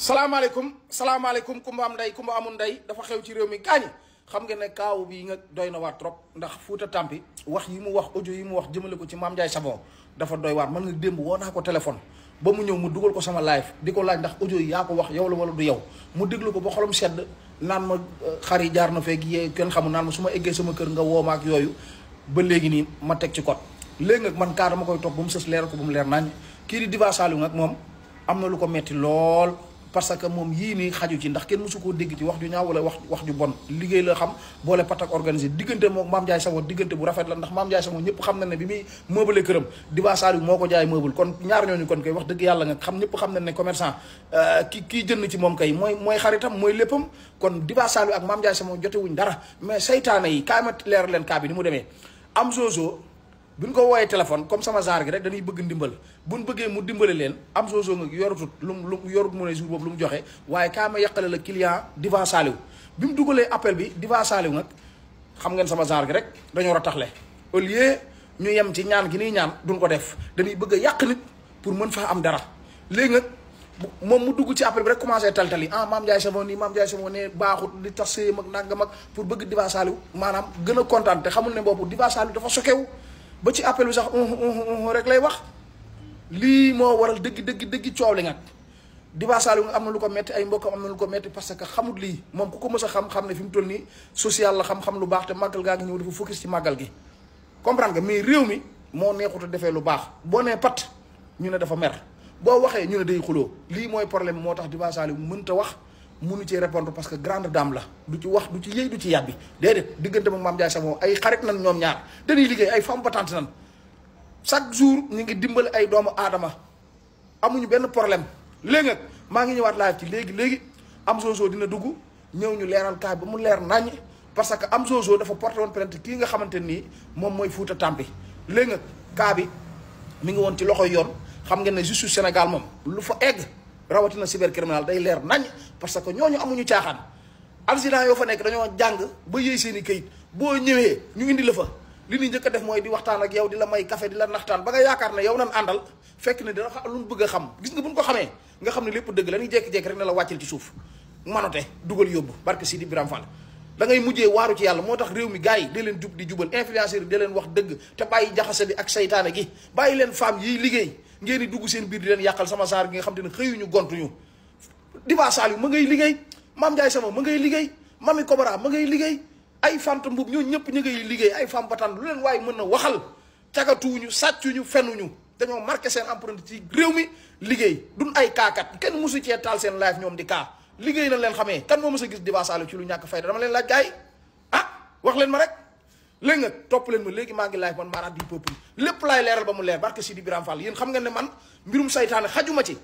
salam salaamaaleykum kumba am ndey kumba amul ndey dafa xew ci rew mi gaañi xam nga ne kaaw bi nga doyna na trop ndax fuuta tampi wax yi mu wax audio yi mu wax jëmele ko ci mam jay Savon dafa doy war man nga demb wona ko telephone ba mu ñew mu duggal ko sama live di laaj ndax audio yi yaa ko wax yow la wala du yow mu deglu ko ba xolam sedd nan ma euh, xari jaar na fek ye ken xamu nan ma suma ma sama kër nga woma ak yoyu ba léegi ni ma tek ci kot léegi nak man ka dama koy topp bu mu sës leral ko bu mu leer nañ ki di Diva salu nak mom amna lu ko metti lol parce que moom yii nii xaju ci ndax kenn mosu koo dégg ci wax ju ñaaw wala wax wax ju bon liggéey la xam boole pat ak diggante moom Maam Ndiaye Savon diggante bu rafet la ndax Maam Ndiaye Savon ñëpp xam na ne bi muy meubale moo ko jaay meubal kon ñaar ñooñu kon koy wax dëgg yàlla nga xam ñëpp xam na ne commerçant euh, ki kii jënd ci moom kay mooy mooy xaritam mooy léppam kon Diba Saliou ak Maam Ndiaye Savon jotewuñ dara mais saytaane yi kaay ma leer leen kaa bi ni mu demee am zozo bu buñ ko wooyee téléphone comme sama genre gi rek dañuy bëgg ndimbal buñ bëggee mu dimbale leen am soosoo nga yorutut lu mu lu mu yorut mu ne jour boobu lu mu joxe waaye kaa ma yàqale la client divan saaliw bi mu duggalee appel bi divan saaliw nag xam ngeen sama genre rek dañoo war a au lieu ñu yem ci ñaan gi nii ñaan duñ ko def dañuy bëgg yàq nit pour mën faa am dara léegi nag moom mu dugg ci appel bi taltali ah maam Ndiaye Savon nii maam Ndiaye Savon ne li tas séyam ak nangam ak pour bëgg divan saaliw maanaam gën a kontaan te xamul ne boobu divan saaliw dafa sokewu ba ci appel bi sax rek lay wax lii moo waral dëgg dëgg dëgg coow li nag Diba Saliou nga am na lu ko metti ay mbokkam am na lu ko metti parce que xamut lii moom ku ko mës a xam xam ne fi mu toll nii social la xam-xam lu baax te màggal gaa ngi ñëw dafa focus ci màggal gi comprendre nga mais réew mi moo neexut a defee lu baax boo nee pat ñu ne dafa mer boo waxee ñu ne day xuloo lii mooy problème moo tax Diba mu mënta wax munu ci répondre parce que grande dame la du ci wax du ci yëy du ci yàbbi déedéet diggante moom Mame Ndiaye Savon ay xarit nan ñoom ñaar dañuy liggéey ay femme battante chaque jour ñu ngi dimbali ay doomu aadama amuñu benn problème léegi nag maa ngi ñëwaat laaj ci léegi léegi am soosoo dina dugg ñëw ñu leeral kaay ba mu leer naññ parce que am soosoo dafa porté woon plainte kii nga xamante nii moom mooy Fouta Tampi léegi nag kaa bi mi ngi woon ci loxo yoon xam ngeen ne justice Sénégal moom lu fa egg. rawatina criminal day leer nañ parce que ñoñu amuñu caaxaan alzina yo fa nek dañu jang ba yey seeni keuyit bo ñewé ñu indi la fa li ni njëkk def moy di waxtaan ak yow di la may café di la naxtaan ba nga yaakar na yow nan andal fekk ni dina lu bëgg xam gis nga buñ ko xamé nga xam ne lépp la ñu jekki rek na la waccel ci suuf manote duggal yobbu barke sidi di fall da ngay mujjé waru ci yalla motax rew mi gaay de len di jubal influenceur de len wax deug te bayyi jaxase bi ak gi bayyi len femme yi liggéey ngeen dugg seen biir di leen yàqal sama saar gi nga xam te ne xëyuñu gontuñu Diba Saliou ma ngay liggéey Mame Ndiaye sama ma ngay liggéey Mamy Kobara ma ngay liggéey ay fant mbub ñoo ñëpp ñu ngay liggéey ay fam batan lu leen waaye mën na waxal cagatuwuñu sàccuñu fenuñu dañoo marqué seen empreinte ci réew mi liggéey duñ ay kaakat kenn mosu cee taal seen live ñoom di kaa liggéey na leen xamee kan moo mës a gis Diba Saliou ci lu ñàkk fay dama leen laaj ay ah wax leen ma rek léegi nga topp leen ma léegi maa ngi laaj man Mara du peuple lépp laay leeral ba mu leer barke Sidi Birame Fall yéen xam ngeen ne man mbirum seytaane xajuma ci